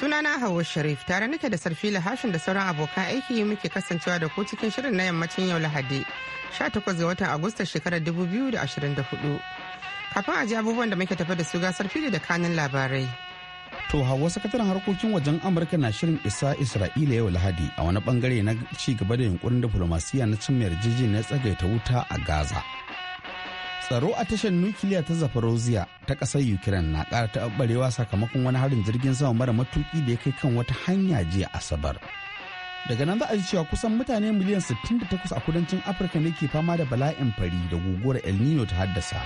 sunana hawa sharif tare nake da sarfi hashin da sauran abokan aiki muke kasancewa da ku cikin shirin na yammacin yau lahadi 18 ga watan agusta shekarar 2024 kafin a ji abubuwan da muke tafi da su ga sarfi da kanin labarai to hawa sakataren harkokin wajen amurka na shirin isa isra'ila yau lahadi a wani bangare na ci gaba da yunkurin diflomasiyya na cin yarjejeniyar tsagaita wuta a gaza tsaro a tashar nukiliya ta zafarozia ta ƙasar ukraine na ƙara taɓarewa sakamakon wani harin jirgin sama mara matuƙi da ya kai kan wata hanya jiya asabar daga nan za a ji cewa kusan mutane miliyan 68 a kudancin afirka ne ke fama da bala'in fari da guguwar el nino ta haddasa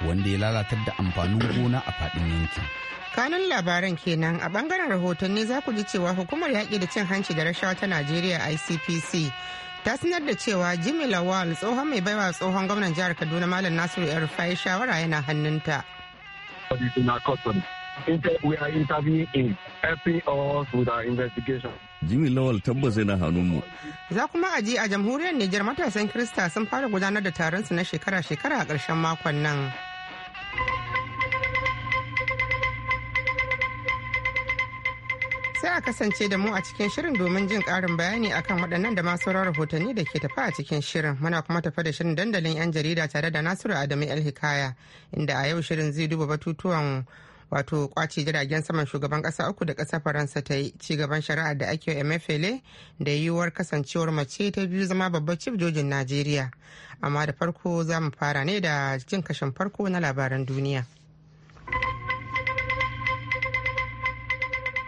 wanda ya lalatar da amfanin gona a faɗin yankin kanun labaran kenan a bangaren rahotanni za ku ji cewa hukumar yaƙi da cin hanci da rashawa ta najeriya icpc ta sanar da cewa jimmy lawal tsohon mai baiwa tsohon gwamnan jihar kaduna malam nasiru yar rufai shawara yana hannunta Jimmy Lawal tabbas yana hannunmu. Za kuma a a jamhuriyar niger matasan Krista sun fara gudanar da taron su na shekara-shekara a karshen makon nan. sai a kasance da mu a cikin shirin domin jin karin bayani akan waɗannan da masu sauran rahotanni da ke tafa a cikin shirin muna kuma tafa da shirin dandalin 'yan jarida tare da nasiru adamu hikaya inda a yau shirin zai duba batutuwan wato kwace jiragen saman shugaban ƙasa uku da ƙasa faransa ta yi ci gaban shari'a da ake mfla da yiwuwar kasancewar mace ta biyu zama babbar cif jojin najeriya amma da farko za mu fara ne da jin kashin farko na labaran duniya.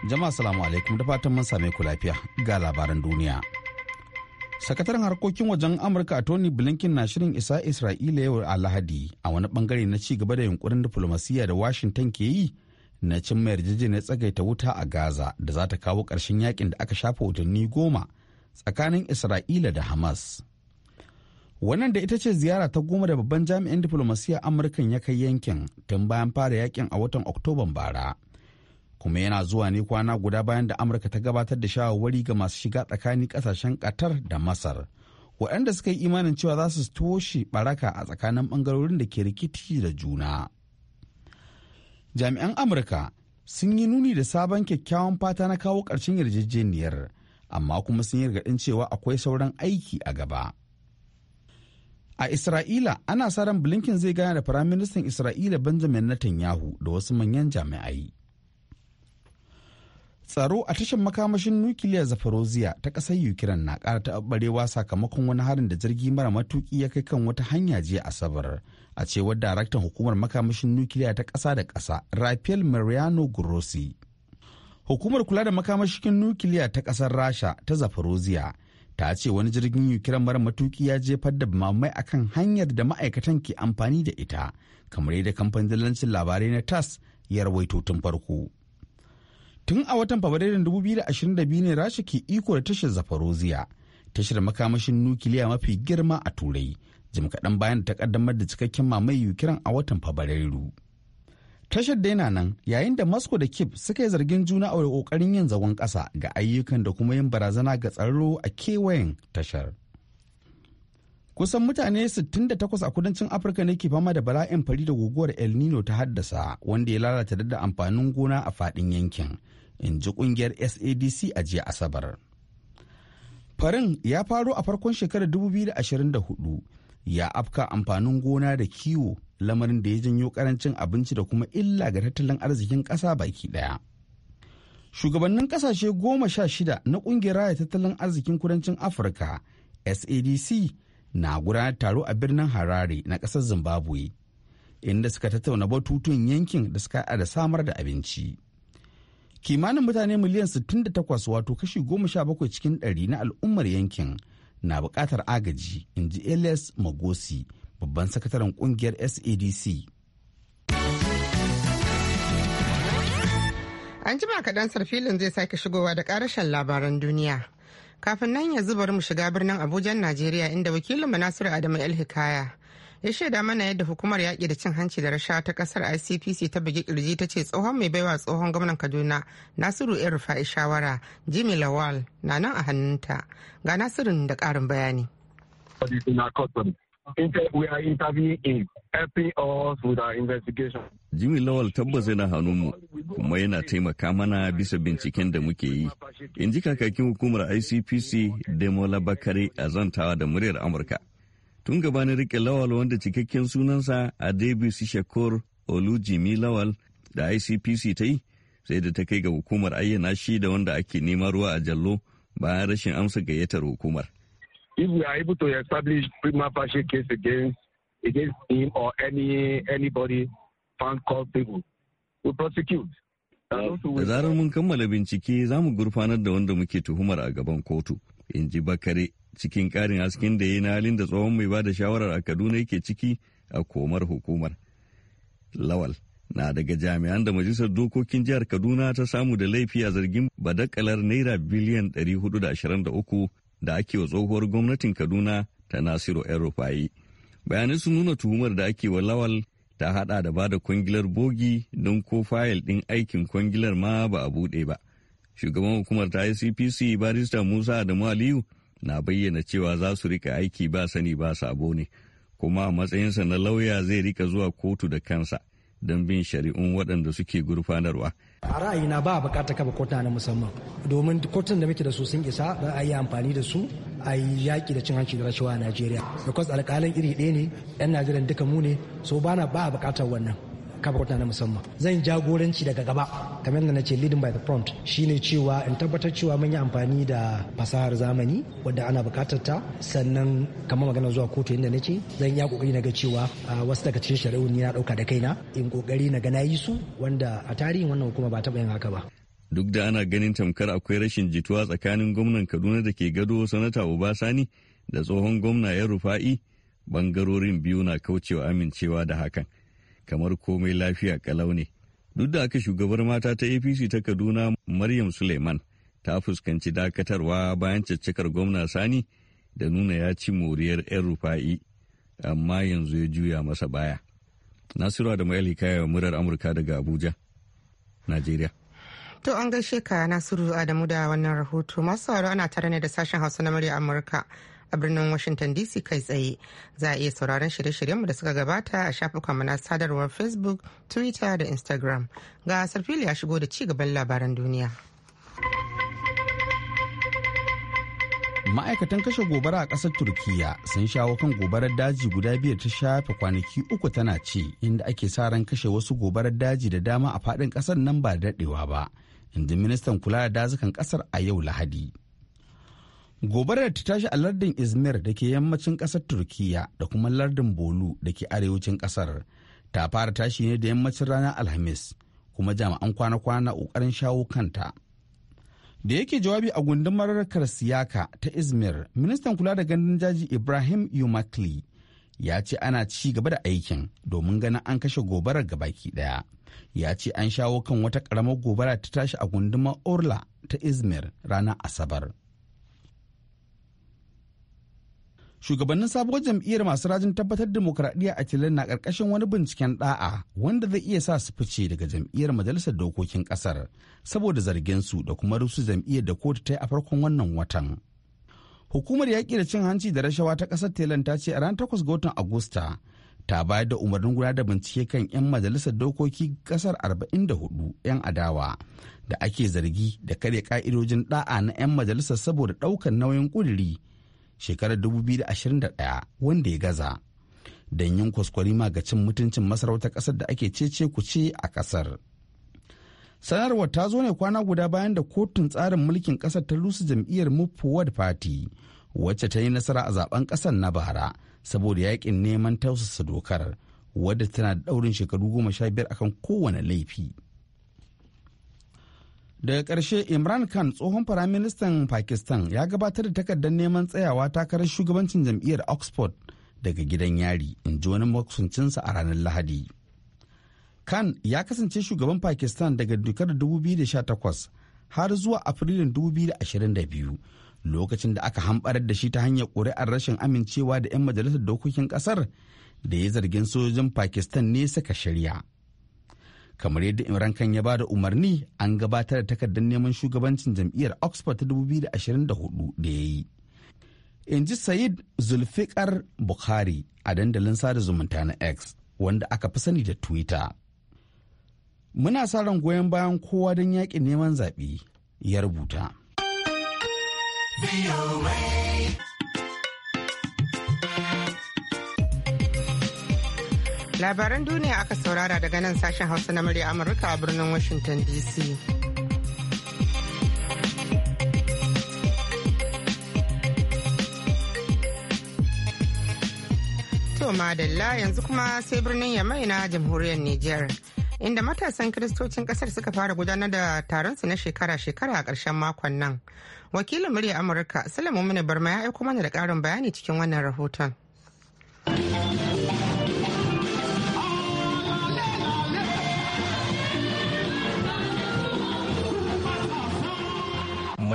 Jama'a salamu alaikum da fatan mun same ku lafiya ga labaran duniya. Sakataren harkokin wajen Amurka a Tony Blinken na shirin isa Isra'ila yau a Lahadi a wani bangare na ci gaba da yunkurin diflomasiyya da Washington ke yi na cin mai na tsagaita wuta a Gaza da za ta kawo ƙarshen yakin da aka shafa watanni goma tsakanin Isra'ila da Hamas. Wannan da ita ce ziyara ta goma da babban jami'in diflomasiyya Amurkan ya kai yankin tun bayan fara yakin a watan Oktoban bara. kuma yana zuwa ne kwana guda bayan da amurka ta gabatar da shawarwari ga masu shiga tsakanin kasashen qatar da masar waɗanda suka yi imanin cewa za su toshe baraka a tsakanin ɓangarorin da ke rikici da juna jami'an amurka sun yi nuni da sabon kyakkyawan fata na kawo ƙarshen yarjejeniyar amma kuma sun yi gargaɗin cewa akwai sauran aiki a gaba a isra'ila ana sa ran blinken zai gana da firaministan isra'ila benjamin netanyahu da wasu manyan jami'ai tsaro a tashar makamashin nukiliyar zafarozia ta ƙasar ukraine na ƙara taɓarewa sakamakon wani harin da jirgi mara matuƙi ya kai kan wata hanya jiya asabar a cewar daraktan hukumar makamashin nukiliya ta ƙasa da ƙasa rafael mariano grossi hukumar kula da makamashin nukiliya ta ƙasar rasha ta zafarozia ta ce wani jirgin ukraine mara matuƙi ya jefar da mamai akan hanyar da ma'aikatan ke amfani da ita kamar yadda kamfanin labarai na tas ya rawaito tun farko tun a watan fabrairun 2022 ne rasha ke iko da tashar zafaroziya tashar makamashin nukiliya mafi girma a turai jim kaɗan bayan da ta kaddamar da cikakken mamaye yukiran a watan fabrairu tashar da daina nan yayin da moscow da kiev suka yi zargin juna a kokarin yin zagon ƙasa ga ayyukan da kuma yin barazana ga tsaro a kewayen tashar kusan mutane 68 a kudancin afirka ne ke fama da bala'in fari da guguwar el nino ta haddasa wanda ya lalata da amfanin gona a fadin yankin in ji kungiyar sadc a jiya asabar farin ya faro a farkon shekarar 2024 ya afka amfanin gona da kiwo lamarin da ya janyo karancin abinci da kuma illa ga tattalin arzikin ƙasa baki ɗaya. shugabannin ƙasashe goma sha shida na ƙungiyar raya tattalin arzikin kudancin afirka sadc na gudanar taro a birnin harare na ƙasar zimbabwe inda suka tattauna batutun yankin da suka da samar da abinci kimanin mutane miliyan 68 wato kashi goma sha bakwai cikin ɗari na al'ummar yankin na buƙatar agaji in ji elias magosi babban sakataren ƙungiyar sadc an jima kaɗan filin zai sake shigowa da ƙarashen labaran duniya kafin nan ya zubar mu shiga birnin abuja najeriya inda wakilin nasiru adamu el hikaya ya shaida mana yadda hukumar yaƙi da cin hanci da rasha ta ƙasar icpc ta bugi ƙirji ta ce tsohon mai baiwa tsohon gwamnan kaduna nasiru el rufa'i shawara jimmy lawal na nan a hannunta ga nasirin da ƙarin bayani. helping us with our investigation. Jimmy Lawal tabbas yana mu kuma yana taimaka mana bisa binciken da muke yi. In ji kakakin hukumar ICPC Demola Bakare a zantawa da muryar Amurka. Tun gabanin rike Lawal wanda cikakken sunansa a Davis Shakur Jimmy Lawal da ICPC ta yi sai da ta kai ga hukumar ayyana shi da wanda ake neman ruwa a jallo bayan rashin amsa gayyatar hukumar. If we are able to establish prima facie case against against him or any anybody found culpable. We prosecute. Da zarar mun kammala bincike za mu gurfanar da wanda muke tuhumar a gaban kotu, in ji Bakare cikin ƙarin hasken da ya na halin da tsohon mai bada shawarar a Kaduna yake ciki a komar hukumar. Lawal na daga jami'an da Majalisar Dokokin Jihar Kaduna ta samu da laifi a zargin badakalar Naira biliyan 423 da ake wa tsohuwar gwamnatin Kaduna ta Nasiru El Rufai. bayanai sun nuna tuhumar da ake wa lawal ta hada da bada kwangilar bogi don ko fayil din aikin kwangilar ma ba a bude ba shugaban hukumar ta icpc barista musa da aliyu na bayyana cewa za su rika aiki ba sani ba sabo ne kuma a matsayinsa na lauya zai rika zuwa kotu da kansa don bin shari'un waɗanda suke gurfanarwa. a ra'ayi na ba a bukatar kaba kotuna na musamman domin kotun da muke da su sun isa za a yi amfani da su a yi yaƙi da cin hanci da rashawa a Najeriya. Bikos alƙalin iri ɗaya ne, 'yan Najeriya duka mu ne, so ba na ba a buƙatar wannan. kafa kwata na musamman zan jagoranci daga gaba kamar da na ce leading by the prompt shine cewa in tabbatar cewa mun yi amfani da fasahar zamani wadda ana bukatar ta sannan kamar magana zuwa kotu inda ce zan yi kokari na ga cewa wasu daga cikin shari'u ni na dauka da kaina in kokari na ga na yi su wanda a tarihin wannan hukuma ba ta yin haka ba duk da ana ganin tamkar akwai rashin jituwa tsakanin gwamnan kaduna da ke gado sanata obasani da tsohon gwamna ya rufa'i bangarorin biyu na kaucewa amincewa da hakan kamar komai lafiya kalau ne duk da aka shugabar mata ta apc ta kaduna maryam suleiman ta fuskanci dakatarwa bayan caccakar gwamna sani da nuna ya ci moriyar 'yan rufa'i amma yanzu ya juya masa baya nasiru da mayal hikaya murar amurka daga abuja najeriya To an gaishe ka Nasiru Adamu da wannan rahoto masu sauraro ana tare ne da sashen Hausa na murya Amurka a birnin Washington DC kai tsaye. Za a iya sauraron shirye-shiryenmu da suka gabata a mu na sadarwar Facebook, Twitter da Instagram. Ga Sarfili ya shigo da ci gaban labaran duniya. Ma'aikatan kashe gobara a ƙasar Turkiyya sun shawo kan gobarar daji guda biyar ta shafe kwanaki uku tana ci inda ake sa ran kashe wasu gobarar daji da dama a faɗin ƙasar nan ba da daɗewa ba. inji ministan kula da dazukan kasar a yau lahadi gobarar ta tashi a lardin izmir da ke yammacin kasar turkiya da kuma lardin bolu da ke arewacin kasar ta fara tashi ne da yammacin ranar alhamis kuma jami'an kwana-kwana ƙoƙarin shawo kanta da yake jawabi a gundumar karsiyaka ta izmir ministan kula da gandun jaji ibrahim yumakli ya ce ana ci gaba da aikin domin ganin an kashe gobarar gabaki daya ya ce an shawo kan wata karamar gobara ta tashi a gundumar orla ta izmir ranar asabar shugabannin sabuwar jam'iyyar masu rajin tabbatar demokradiyya a tilin na karkashin wani binciken da'a wanda zai iya sa su fice daga jam'iyyar majalisar dokokin kasar saboda zarginsu da kuma rusu jam'iyyar da kotu ta yi a farkon wannan watan Hukumar yaƙi da cin hanci da rashawa ta ƙasar Thailand ta ce a ranar 8 ga watan Agusta ta bayar da umarnin gudanar da bincike kan 'yan majalisar dokoki ƙasar 44 'yan adawa da ake zargi da karya ƙa'idojin ɗa'a na 'yan majalisar saboda ɗaukar nauyin ƙudiri shekarar 2021 wanda ya gaza. Don yin ma ga cin mutuncin masarautar ƙasar da ake cece ce a ƙasar. sanarwar ta zo ne kwana guda bayan da kotun tsarin mulkin kasar ta rusa jam'iyyar mufuwad fati wacce ta yi nasara a zaben kasar na bara saboda yakin neman tausasa dokar wadda tana da daurin shekaru goma sha biyar akan kowane laifi daga ƙarshe imran khan tsohon firaministan pakistan ya gabatar da takardar neman tsayawa takarar shugabancin jam'iyyar oxford daga gidan yari in ji wani makusancinsa a ranar lahadi Khan ya kasance shugaban Pakistan daga dukar 2018 har zuwa Afrilun 2022 lokacin da aka hambarar da shi ta hanyar ƙuri'ar rashin amincewa da 'yan majalisar dokokin ƙasar da ya zargin sojojin Pakistan ne suka shirya. Kamar yadda Imran Khan ya ba da umarni an gabatar da takardar neman shugabancin jam'iyyar Oxford ta 2024 da ya yi. In Sayid Zulfikar Bukhari a dandalin sada zumunta na X wanda aka fi sani da Twitter. muna sa ran goyon bayan kowa don yakin neman zaɓe ya rubuta. Labaran duniya aka saurara daga nan sashen Hausa na murya Amurka a birnin Washington DC. To madalla yanzu kuma sai birnin Yamai na jamhuriyar Nijar. inda matasan kiristocin kasar suka fara gudanar da taronsu na shekara-shekara a ƙarshen makon nan wakilin murya amurka salamu mini barma ya aiko mana da ƙarin bayani cikin wannan rahoton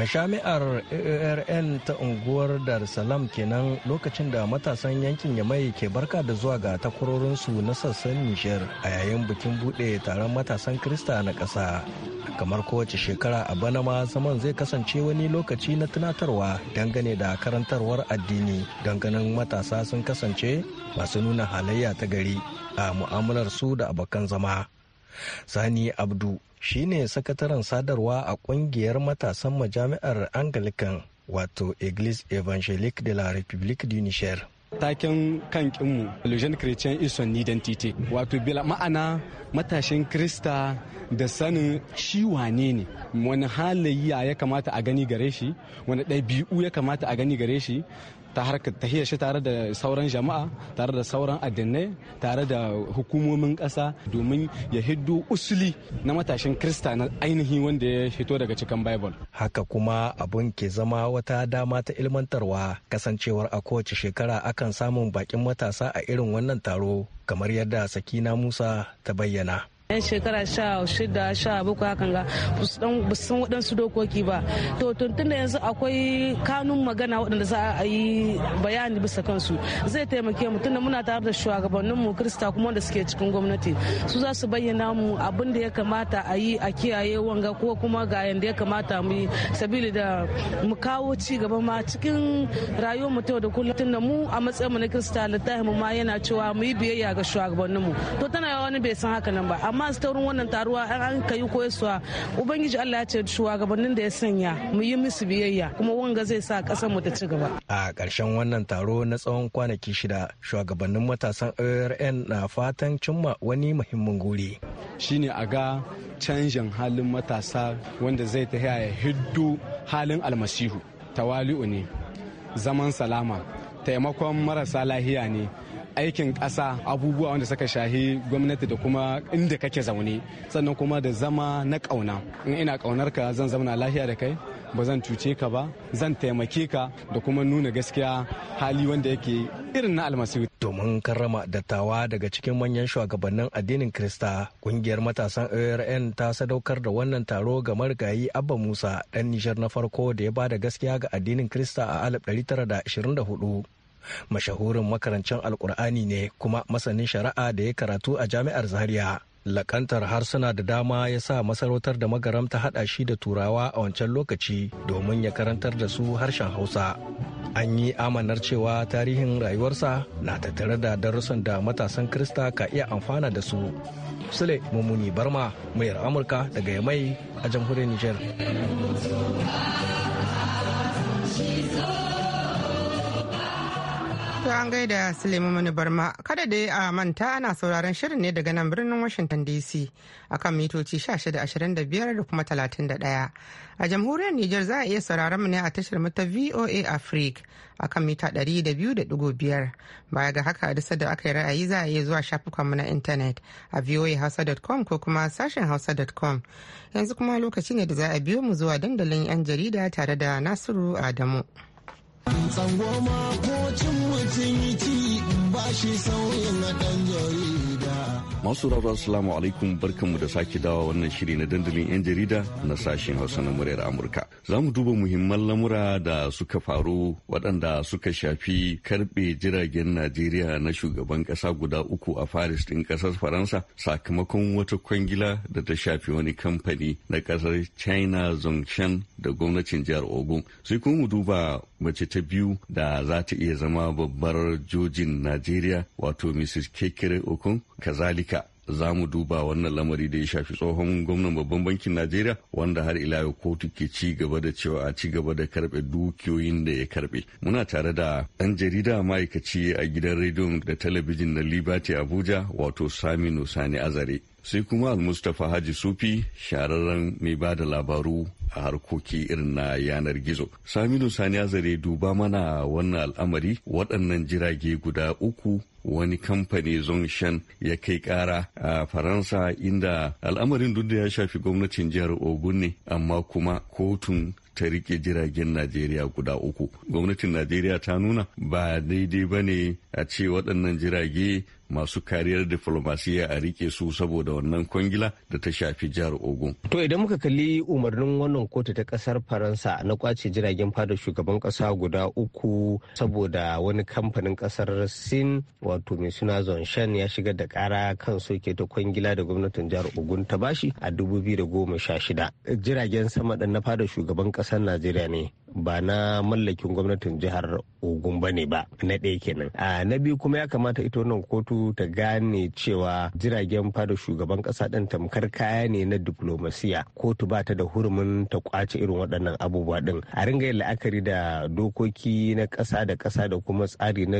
jami'ar arn ta unguwar dar salam kenan lokacin da matasan yankin yamai ke barka da zuwa ga takwarorinsu na sassan nijar a yayin bikin bude taron matasan krista na ƙasa kamar kowace shekara a bana ma zaman zai kasance wani lokaci na tunatarwa dangane da karantarwar addini ganin matasa sun kasance masu nuna halayya ta gari a mu'amalar su da abokan zama sani abdu shine sakataren sadarwa a ƙungiyar matasan majami'ar Anglican wato iglis Evangelic de la République du Niger. taken kan kinmu religion christian is an identity wato bila ma'ana matashin krista da sanin shi wane ne wani halayya ya kamata a gani gare shi wani ɗabi'u ya kamata a gani gare shi ta harkar tahiyar shi tare da sauran jama'a tare da sauran addinai tare da hukumomin ƙasa domin ya hiddo usuli na matashin krista na ainihi wanda ya fito daga cikin bible haka kuma abun ke zama wata dama ta ilmantarwa kasancewar a kowace shekara akan samun bakin matasa a irin wannan taro kamar yadda sakina musa ta bayyana yan shekara sha shida sha bakwai hakan ga ba waɗansu dokoki ba to tuntun da yanzu akwai kanun magana waɗanda za a yi bayani bisa kansu zai taimake mu tunda muna tare da shugabannin mu krista kuma wanda suke cikin gwamnati su za su bayyana mu abin da ya kamata a yi a kiyaye wanga ko kuma ga yanda ya kamata mu yi sabili da mu kawo ci gaba ma cikin rayuwar mu ta da kullum tunda mu a matsayin mu na krista littafin mu ma yana cewa mu yi biyayya ga shugabannin mu to tana yawa wani bai san haka nan ba amma su taurin wannan taruwa an ka yi koyarwa ubangiji Allah ya ce shugabannin da ya sanya mu yi musu biyayya kuma wanga zai sa kasar mu ta ci gaba a ƙarshen wannan taro na tsawon kwanaki shida shugabannin matasan ORN na fatan cimma wani muhimmin guri shine a ga canjin halin matasa wanda zai ta ya hiddu halin almasihu tawali'u ne zaman salama taimakon marasa lahiya ne aikin ƙasa abubuwa wanda suka shahi gwamnati da kuma inda kake zaune sannan kuma da zama na ƙauna in ina ƙaunar ka zan zauna lafiya da kai ba zan cuce ka ba zan taimake ka da kuma nuna gaskiya hali wanda yake irin na almasi domin karrama dattawa daga cikin manyan shugabannin addinin krista kungiyar matasan orn ta sadaukar da wannan taro ga marigayi abba musa dan nijar na farko da ya ba da gaskiya ga addinin krista a 1924 mashahurin makarancin alkur'ani ne kuma masanin shari'a da ya karatu a jami'ar zaria lakantar harsuna da dama ya sa masarautar da magaram ta haɗa shi da turawa a wancan lokaci domin ya karantar da su harshen hausa an yi amanar cewa tarihin rayuwarsa na tattare da darussan da matasan krista ka iya amfana da su sule mummuni barma mayar amurka daga yamai a jamhuriyar niger To an gaida Suleiman Mani Barma kada da a manta ana sauraron shirin ne daga nan birnin Washington DC akan mitoci 1625 da kuma 31. A jamhuriyar Nijar za a iya sauraron mu ne a tashar mata VOA Africa akan mita 200.5 baya ga haka a da aka yi ra'ayi za a iya zuwa shafukanmu na intanet a voahausa.com ko kuma sashen hausa.com yanzu kuma lokaci ne da za a biyo mu zuwa dandalin 'yan jarida tare da Nasiru Adamu. Tsangwama ko cin mutum yi ci ba shi sauyin na ɗan jariri. Masu raba Assalamu alaikum barkanmu da sake dawa wannan shiri na dandalin 'yan jarida na sashen Hausa na muryar Amurka. Za mu duba muhimman lamura da suka faru waɗanda suka shafi karɓe jiragen Najeriya na shugaban ƙasa guda uku a Paris ɗin ƙasar Faransa sakamakon wata kwangila da ta shafi wani kamfani na ƙasar China Zhongshan da gwamnatin jihar Ogun. Sai kuma mu duba mace ta biyu da za ta iya zama babbar jojin Najeriya wato Mrs. Kekere Okun Kazalika za mu duba wannan lamari da ya shafi tsohon gwamnan babban bankin najeriya wanda har ila yau kotu ke ci gaba da cewa a ci gaba da karbe dukiyoyin da ya karbe muna tare da ɗan jarida ma'aikaci a gidan rediyon da talabijin na liberty abuja wato saminu sani azare sai kuma almustapha haji sufi shararren mai ba da labaru a harkoki irin na yanar gizo saminu sani azare duba mana wannan al'amari waɗannan jirage guda uku wani kamfani zonshan ya kai ƙara a faransa inda al'amarin duk da ya shafi gwamnatin jihar ogun ne amma kuma kotun ta rike jiragen najeriya guda uku gwamnatin najeriya ta nuna ba daidai ba ne a ce waɗannan jirage masu kariyar diflomasiyya a rike su saboda wannan kwangila da ta shafi jihar ogun to idan muka kalli umarnin wannan kotu ta kasar faransa na kwace jiragen fada shugaban kasa guda uku saboda wani kamfanin kasar sin wato mai suna zonshan ya shigar da kara kan soke ta kwangila da gwamnatin jihar ogun ta bashi a 2016 jiragen sama na fada shugaban kasar najeriya ne ba na mallakin gwamnatin jihar ogun ba ne ba na ɗaya kenan a na biyu kuma ya kamata ita wannan kotu ta gane cewa jiragen fada shugaban ƙasa ɗin tamkar kaya ne na diplomasiya kotu ba ta da hurumin ta kwace irin waɗannan abubuwa ɗin a ringa yin la'akari da dokoki na ƙasa da ƙasa da kuma tsari na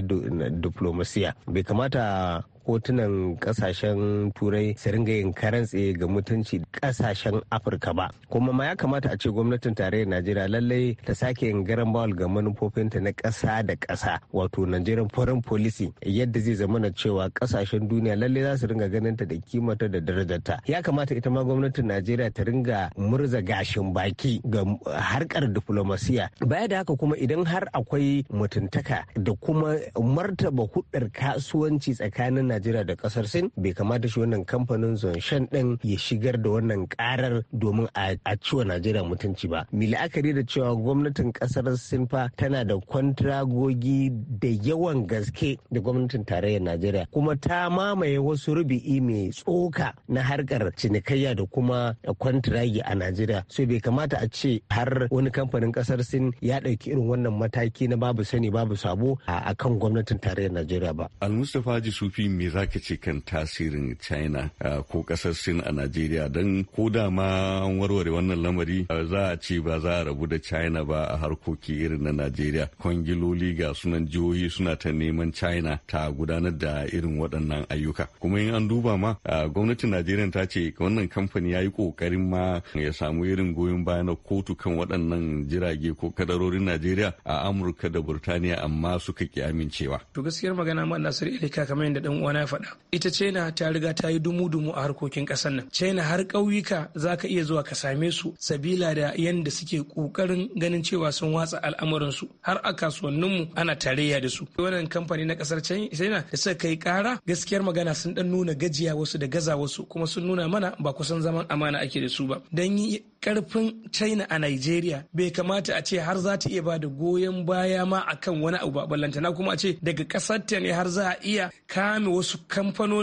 diplomasiya bai kamata kotunan kasashen turai su ringa yin tsaye ga mutunci kasashen afirka ba kuma ma ya kamata a ce gwamnatin tarayyar najeriya lallai ta sake yin garan bawal ga manufofinta na kasa da kasa wato nigerian foreign policy yadda zai zama na cewa kasashen duniya lallai za su ringa ganin ta da kimata da darajarta ya kamata ita ma gwamnatin najeriya ta ringa murza gashin baki ga harkar diplomasiya baya da haka kuma idan har akwai mutuntaka da kuma martaba hudar kasuwanci tsakanin najeriya da kasar sin bai kamata shi wannan kamfanin zonshan din ya shigar da wannan karar domin a ciwa najeriya mutunci ba mi la'akari da cewa gwamnatin kasar sin fa tana da kwantiragogi da yawan gaske da gwamnatin tarayyar najeriya kuma ta mamaye wasu rubi'i mai tsoka na harkar cinikayya da kuma kwantiragi a najeriya so bai kamata a ce har wani kamfanin kasar sin ya ɗauki irin wannan mataki na babu sani babu sabo a kan gwamnatin tarayyar najeriya ba al-mustapha Jisufi ne za ka ce kan tasirin china ko kasar sin a najeriya don ko da ma warware wannan lamari za a ce ba za a rabu da china ba a harkoki irin na najeriya kwangiloli ga sunan jihohi suna ta neman china ta gudanar da irin waɗannan ayyuka kuma in an duba ma gwamnatin najeriya ta ce wannan kamfani ya yi ƙoƙarin ma ya samu irin goyon baya na kotu kan waɗannan jirage ko kadarorin najeriya a amurka da burtaniya amma suka ki amincewa to gaskiyar magana ma nasir ilika kamar yadda dan uwana na faɗa ita china ta riga ta yi dumu-dumu a harkokin ƙasar nan china har ƙauyuka za ka iya zuwa ka same su sabila da yadda suke ƙoƙarin ganin cewa sun watsa al'amuransu har a kasuwanninmu ana tarayya da su wannan kamfani na ƙasar china da suka kai ƙara gaskiyar magana sun ɗan nuna gajiya wasu da gaza wasu kuma sun nuna mana ba kusan zaman amana ake da su ba don karfin china a nigeria bai kamata a ce har za ta iya ba da goyon baya ma akan wani abu na kuma a ce daga kasar ta ne har za a iya kame wasu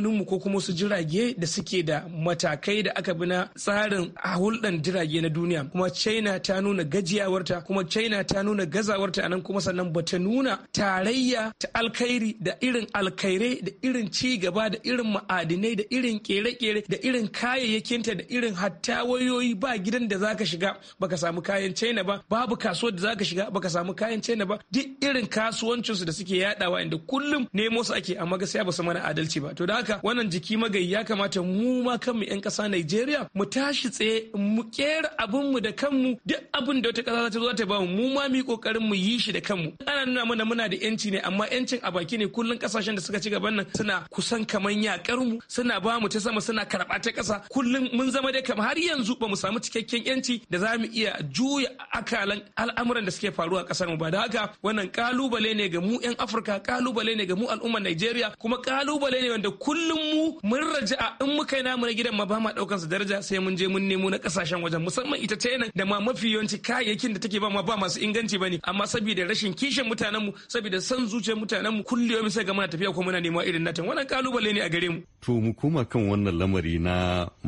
mu ko kuma wasu jirage da suke da matakai da aka bi na tsarin hulɗan jirage na duniya kuma china ta nuna gajiyawarta kuma china ta nuna gazawarta a nan kuma sannan ba ta nuna tarayya ta alkhairi da irin alkhairai da irin ci gaba da irin ma'adinai da irin kere-kere da irin kayayyakinta da irin hatta wayoyi ba gidan da da zaka shiga baka samu kayan china ba babu kasuwar da zaka shiga baka samu kayan china ba duk irin kasuwancin su da suke yadawa inda kullum nemo su ake amma gaskiya ba su mana adalci ba to da haka wannan jiki magayi ya kamata mu ma kanmu yan kasa Najeriya mu tashi tsaye mu kera abun mu da kanmu duk abun da wata kasa ta zo ta ba mu mu ma mu kokarin mu yi shi da kanmu ana nuna mana muna da yanci ne amma yancin a baki ne kullum kasashen da suka ci gaban nan suna kusan kaman yakar mu suna ba mu ta sama suna karba ta kasa kullum mun zama dai kamar har yanzu ba mu samu cikakken yanci da za mu iya juya akalan al'amuran da suke faruwa a kasar mu ba da haka wannan kalubale ne ga mu yan afirka kalubale ne ga mu al'ummar najeriya kuma kalubale ne wanda kullum mu mun a in muka yi namu na gidan ma ba ma daukan su daraja sai mun je mun nemo na kasashen wajen musamman ita ta China da ma mafi yawanci kayayyakin da take ba ma ba masu inganci ne amma saboda rashin kishin mutanen mu saboda san zuciyar mutanen mu kullum sai ga muna tafiya ko muna nema irin natan wannan kalubale ne a gare mu to mu kuma kan wannan lamari na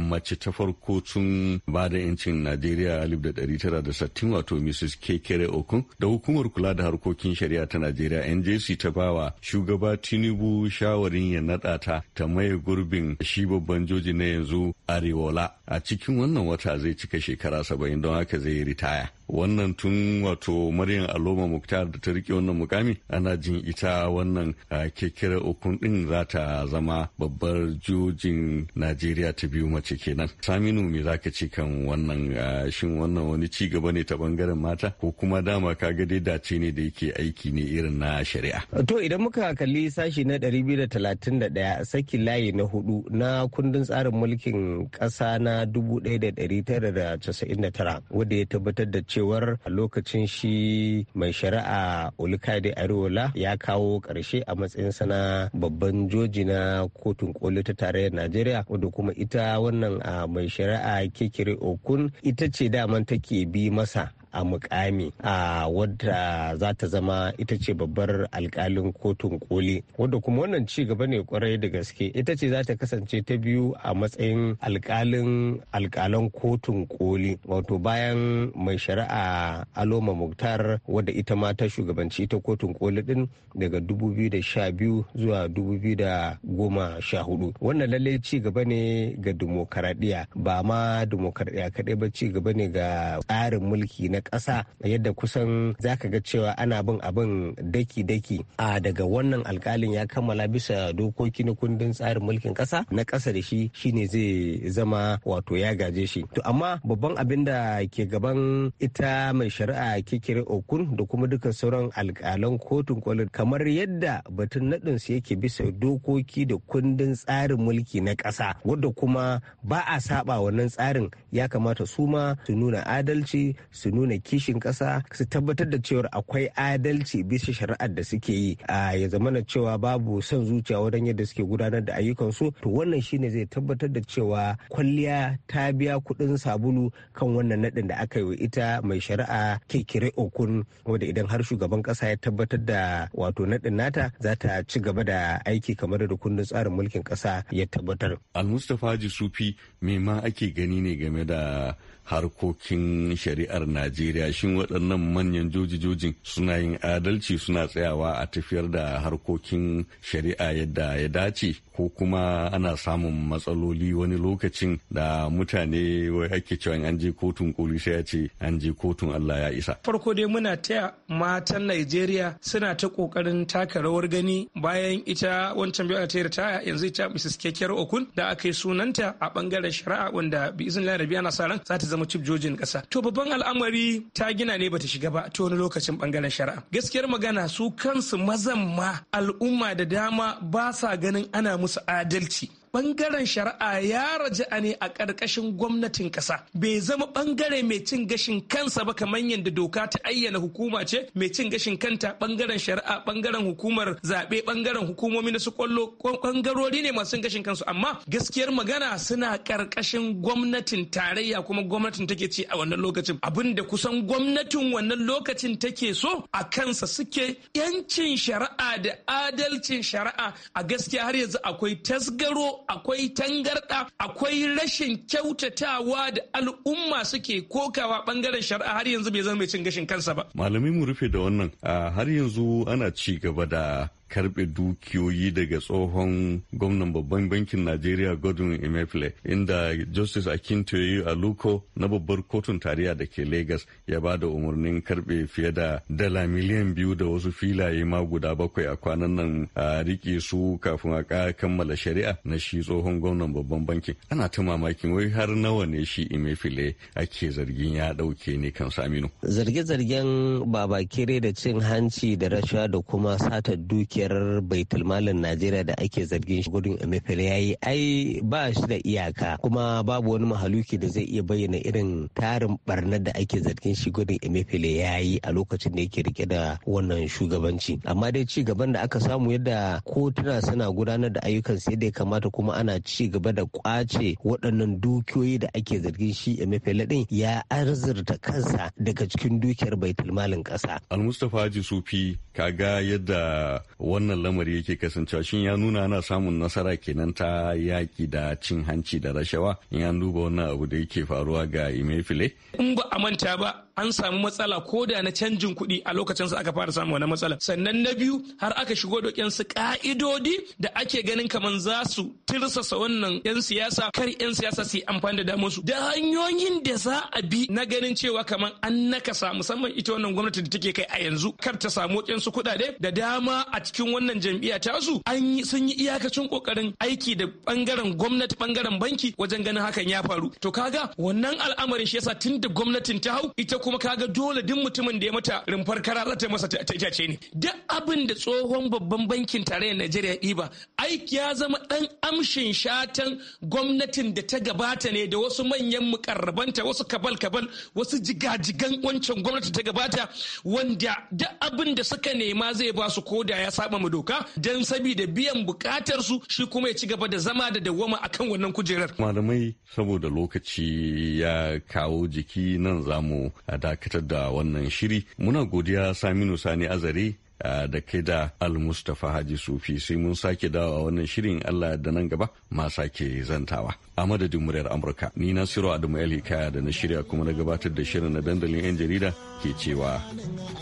mace ta farko tun ba da yancin Najeriya alif da da tara sattin wato Mrs. Kekere Okun da hukumar kula da harkokin shari'a ta Najeriya NJC ta bawa shugaba Tinubu shawarin ya naɗa ta ta maye gurbin shi babban joji na yanzu Arewola a cikin wannan wata zai cika shekara saba'in don haka zai yi ritaya. wannan tun wato maryam aloma muktar da ta rike wannan mukami ana jin ita wannan kekere okun din za ta zama babbar jojin najeriya ta biyu mace kenan saminu me za ka ce kan wannan shin wannan wani ci gaba ne ta bangaren mata ko kuma dama ka ga dai dace ne da yake aiki ne irin na shari'a to idan muka kalli sashi na 231 sakin layi na hudu na kundin tsarin mulkin kasa na 1999 wanda ya tabbatar da cewar lokacin shi mai shari'a Olukade Areola ya kawo ƙarshe a matsayin na babban joji na kotun koli ta tarayyar Najeriya wadda kuma ita wannan mai shari'a Kekere Okun ita ce daman take bi masa a mukami a wadda za ta zama ita ce babbar alkalin kotun koli wadda kuma wannan ci gaba ne kwarai da gaske ita ce za ta kasance ta biyu a matsayin alkalin alkalan kotun koli wato bayan mai shari'a aloma muktar wadda ita ma ta shugabanci ita kotun koli din daga 2012 zuwa 2014 wannan lalle ci gaba ne ga dimokuraɗiyya ba ma dimokuraɗiyya kaɗai ba ci gaba ne ga tsarin mulki na ƙasa yadda kusan za ka ga cewa ana bin abin daki-daki a daga wannan alkalin ya kammala bisa dokoki na kundin tsarin mulkin ƙasa na ƙasa da shi shine zai zama wato ya gaje shi to amma babban abin da ke gaban ita mai shari'a kikiri okun da kuma dukkan sauran alkalan kotun kwali kamar yadda batun naɗin su yake bisa dokoki da kundin tsarin mulki na ƙasa wadda kuma ba a saba wannan tsarin ya kamata su ma su nuna adalci su nuna mana kishin ƙasa su tabbatar da cewar akwai adalci bisa shari'ar da suke yi a ya na cewa babu son zuciya wajen yadda suke gudanar da ayyukansu to wannan shine zai tabbatar da cewa kwalliya ta biya kuɗin sabulu kan wannan naɗin da aka yi wa ita mai shari'a ke kirai okun wanda idan har shugaban ƙasa ya tabbatar da wato naɗin nata za ta ci gaba da aiki kamar da kundin tsarin mulkin ƙasa ya tabbatar. Almustapha ji Sufi me ma ake gani ne game da harkokin shari'ar najeriya shin waɗannan manyan joji-jojin suna yin adalci suna tsayawa a tafiyar da harkokin shari'a yadda ya dace ko kuma ana samun matsaloli wani lokacin da mutane wai ake cewa an je kotun koli sai ya ce an je kotun allah ya isa farko dai muna taya matan najeriya suna ta kokarin taka rawar gani bayan ita wancan biyu ta ritaya yanzu ita mrs kekiyar okun da aka yi sunanta a bangaren shari'a wanda bi izinin larabi ana sa ran za ta zama cif jojin kasa to babban al'amari ta gina ne bata shiga ba ta wani lokacin bangaren shari'a gaskiyar magana su kansu mazan ma al'umma da dama ba sa ganin ana musu adalci bangaren shari'a ya raja'a ne a ƙarƙashin gwamnatin ƙasa bai zama bangare mai cin gashin kansa ba kamar yadda doka ta ayyana hukuma ce mai cin gashin kanta bangaren shari'a bangaren hukumar zaɓe bangaren hukumomi na su kwallo bangarori ne masu cin gashin kansu amma gaskiyar magana suna ƙarƙashin gwamnatin tarayya kuma gwamnatin take ci a wannan lokacin abin da kusan gwamnatin wannan lokacin take so a kansa suke yancin shari'a da adalcin shari'a a gaskiya har yanzu akwai tasgaro akwai tangarɗa akwai rashin kyautatawa da al'umma suke kokawa bangaren shari'a har yanzu bai zama mai cin gashin kansa ba. Malami mu rufe da wannan har yanzu ana ci gaba da karbe dukiyoyi daga tsohon gwamnan babban bankin najeriya godwin emefiele inda justice akintoye aluko na babbar kotun tarayya da ke lagos ya ba da umarnin karbe fiye da dala miliyan biyu da wasu filaye ma guda bakwai a kwanan nan a rike su kafin a ka kammala shari'a na shi tsohon gwamnan babban bankin ana ta mamakin wai har nawa ne shi emefiele ake zargin ya dauke ne kan saminu zarge-zargen babakire da cin hanci da rashawa da kuma sata dukiya dukiyar baitulmalin najeriya da ake zargin gudun emefiele ya yi ai ba shi da iyaka kuma babu wani mahaluki da zai iya bayyana irin tarin barnar da ake zargin shi gudun emefiele ya yi a lokacin da yake rike da wannan shugabanci amma dai ci gaban da aka samu yadda kotuna suna gudanar da ayyukan sai da ya kamata kuma ana ci gaba da kwace waɗannan dukiyoyi da ake zargin shi emefiele din ya arzurta kansa daga cikin dukiyar baitulmalin ƙasa. almustapha jisufi sufi kaga yadda wannan lamari yake kasancewa shin ya nuna ana samun nasara kenan ta yaki da cin hanci da rashawa in an duba wannan abu da yake faruwa ga imefile in ba a manta ba an samu matsala ko da na canjin kuɗi a lokacin su aka fara samu wani matsala sannan na biyu har aka shigo da su ka'idodi da ake ganin kaman za su tirsasa wannan 'yan siyasa kar 'yan siyasa su yi amfani da damar su da hanyoyin da za a bi na ganin cewa kaman an nakasa musamman ita wannan gwamnati da take kai a yanzu kar ta samu su kuɗaɗe da dama a cikin wannan jam'iyya su an yi sun yi iyakacin kokarin aiki da bangaren gwamnati bangaren banki wajen ganin hakan ya faru to kaga wannan al'amarin shi yasa tun da gwamnatin ta hau ita kuma kaga dole duk mutumin da ya mata rumfar kara za ta masa itace ne duk abin da tsohon babban bankin tarayyar Najeriya iba aiki ya zama dan amshin shatan gwamnatin da ta gabata ne da wasu manyan mukarrabanta wasu kabal-kabal wasu jiga jigan wancan gwamnati ta gabata wanda duk abin da suka nema zai ba su koda ya sa saba mu doka don sabida biyan bukatar su shi kuma ya ci gaba da zama da dawwama akan wannan kujerar malamai saboda lokaci ya kawo jiki nan zamu a dakatar da wannan shiri muna godiya Saminu Sani Azare da kai da al mustapha haji sufi sai mun sake dawa wannan shirin allah da nan gaba ma sake zantawa a madadin muryar amurka ni na siro adamu el hikaya da na shirya kuma na gabatar da shirin na dandalin yan jarida ke cewa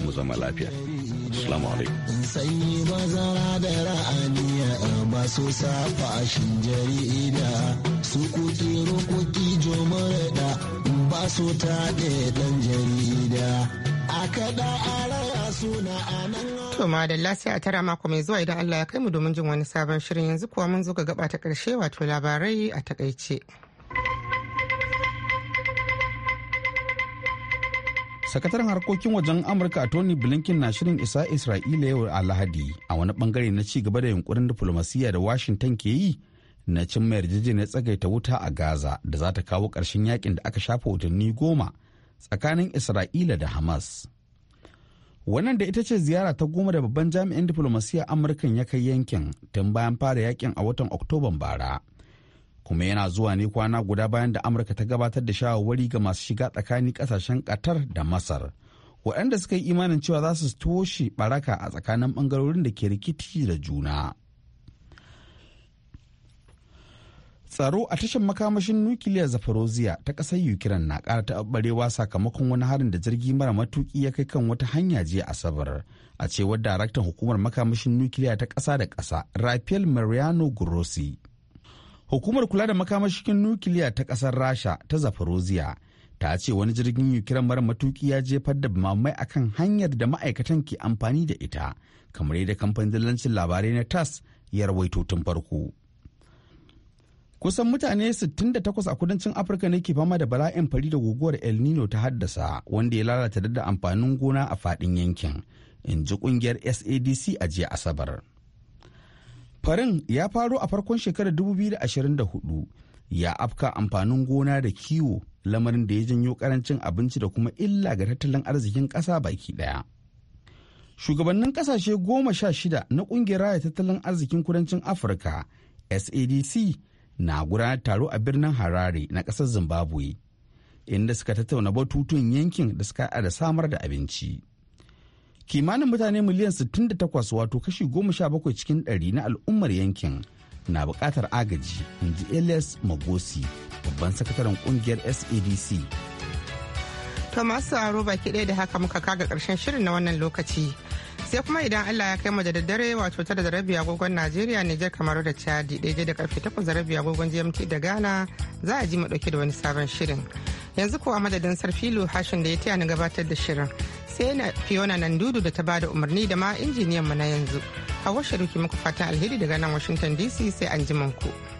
mu zama lafiya assalamu alaikum sanyi mazara da ra'aniya masu safa jarida su rukuki taɗe ɗan jarida To da sai a tara mako mai zuwa idan Allah ya kai mu domin jin wani sabon shirin yanzu kuwa mun zo ga gaba ta karshe wato labarai a takaice. sakataren harkokin wajen amurka a tony blinken na shirin isa isra'ila yau a lahadi a wani bangare na ci gaba da yunkurin diflomasiyya da washington ke yi na cimma yarjejeniyar tsagaita wuta a gaza da za ta kawo ƙarshen yakin da aka shafa watanni goma tsakanin Isra'ila da Hamas. Wannan da ita ce ziyara ta goma da babban jami'in diflomasiyyar Amurkan ya kai yankin tun bayan fara yakin a watan Oktoban bara. Kuma yana zuwa ne kwana guda bayan da Amurka ta gabatar da shawarwari ga masu shiga tsakanin kasashen Qatar da Masar. Waɗanda suka yi imanin cewa za su toshe baraka a tsakanin ɓangarorin da ke rikici da juna. tsaro a tashar makamashin nukiliyar zafarozia ta ƙasar ukraine na ƙara taɓarewa sakamakon wani harin da jirgi mara matuki ya kai kan wata hanya jiya asabar a cewar daraktan hukumar makamashin nukiliya ta ƙasa da ƙasa rafael mariano grossi hukumar kula da makamashin nukiliya ta ƙasar rasha ta zafarozia ta ce wani jirgin ukraine mara matuki ya jefar da mamai akan hanyar da ma'aikatan ke amfani da ita kamar yadda kamfanin dillancin labarai na tas ya rawaito tun farko kusan mutane 68 a kudancin afirka ne ke fama da bala'in fari da guguwar el nino ta haddasa wanda ya lalata da amfanin gona a fadin yankin in ji kungiyar sadc a jiya asabar farin ya faro a farkon shekarar 2024 ya afka amfanin gona da kiwo lamarin da ya janyo karancin abinci da kuma illa ga tattalin arzikin ƙasa baki ɗaya. shugabannin ƙasashe goma sha shida na ƙungiyar raya tattalin arzikin kudancin afirka sadc na gudanar taro a birnin harare na ƙasar zimbabwe inda suka tattauna batutun yankin da suka da samar da abinci kimanin mutane miliyan 68 wato kashi 17 cikin 100 na al'ummar yankin na buƙatar agaji inji elias magosi babban sakataren ƙungiyar sadc to masu aro baki ɗaya da haka muka kaga ƙarshen shirin na wannan lokaci sai kuma idan Allah ya kai mu da daddare wato ta da rabi agogon Najeriya Nijar kamar da Chadi je da karfe 8 da rabi agogon GMT da Ghana za a ji mu dauke da wani sabon shirin. Yanzu kuwa madadin Sarfilu Hashin da ya taya ni gabatar da shirin. Sai na Fiona Nandudu da ta bada umarni da ma injiniyan mu na yanzu. a washe ruki muku fatan alheri daga nan Washington DC sai an ji ku.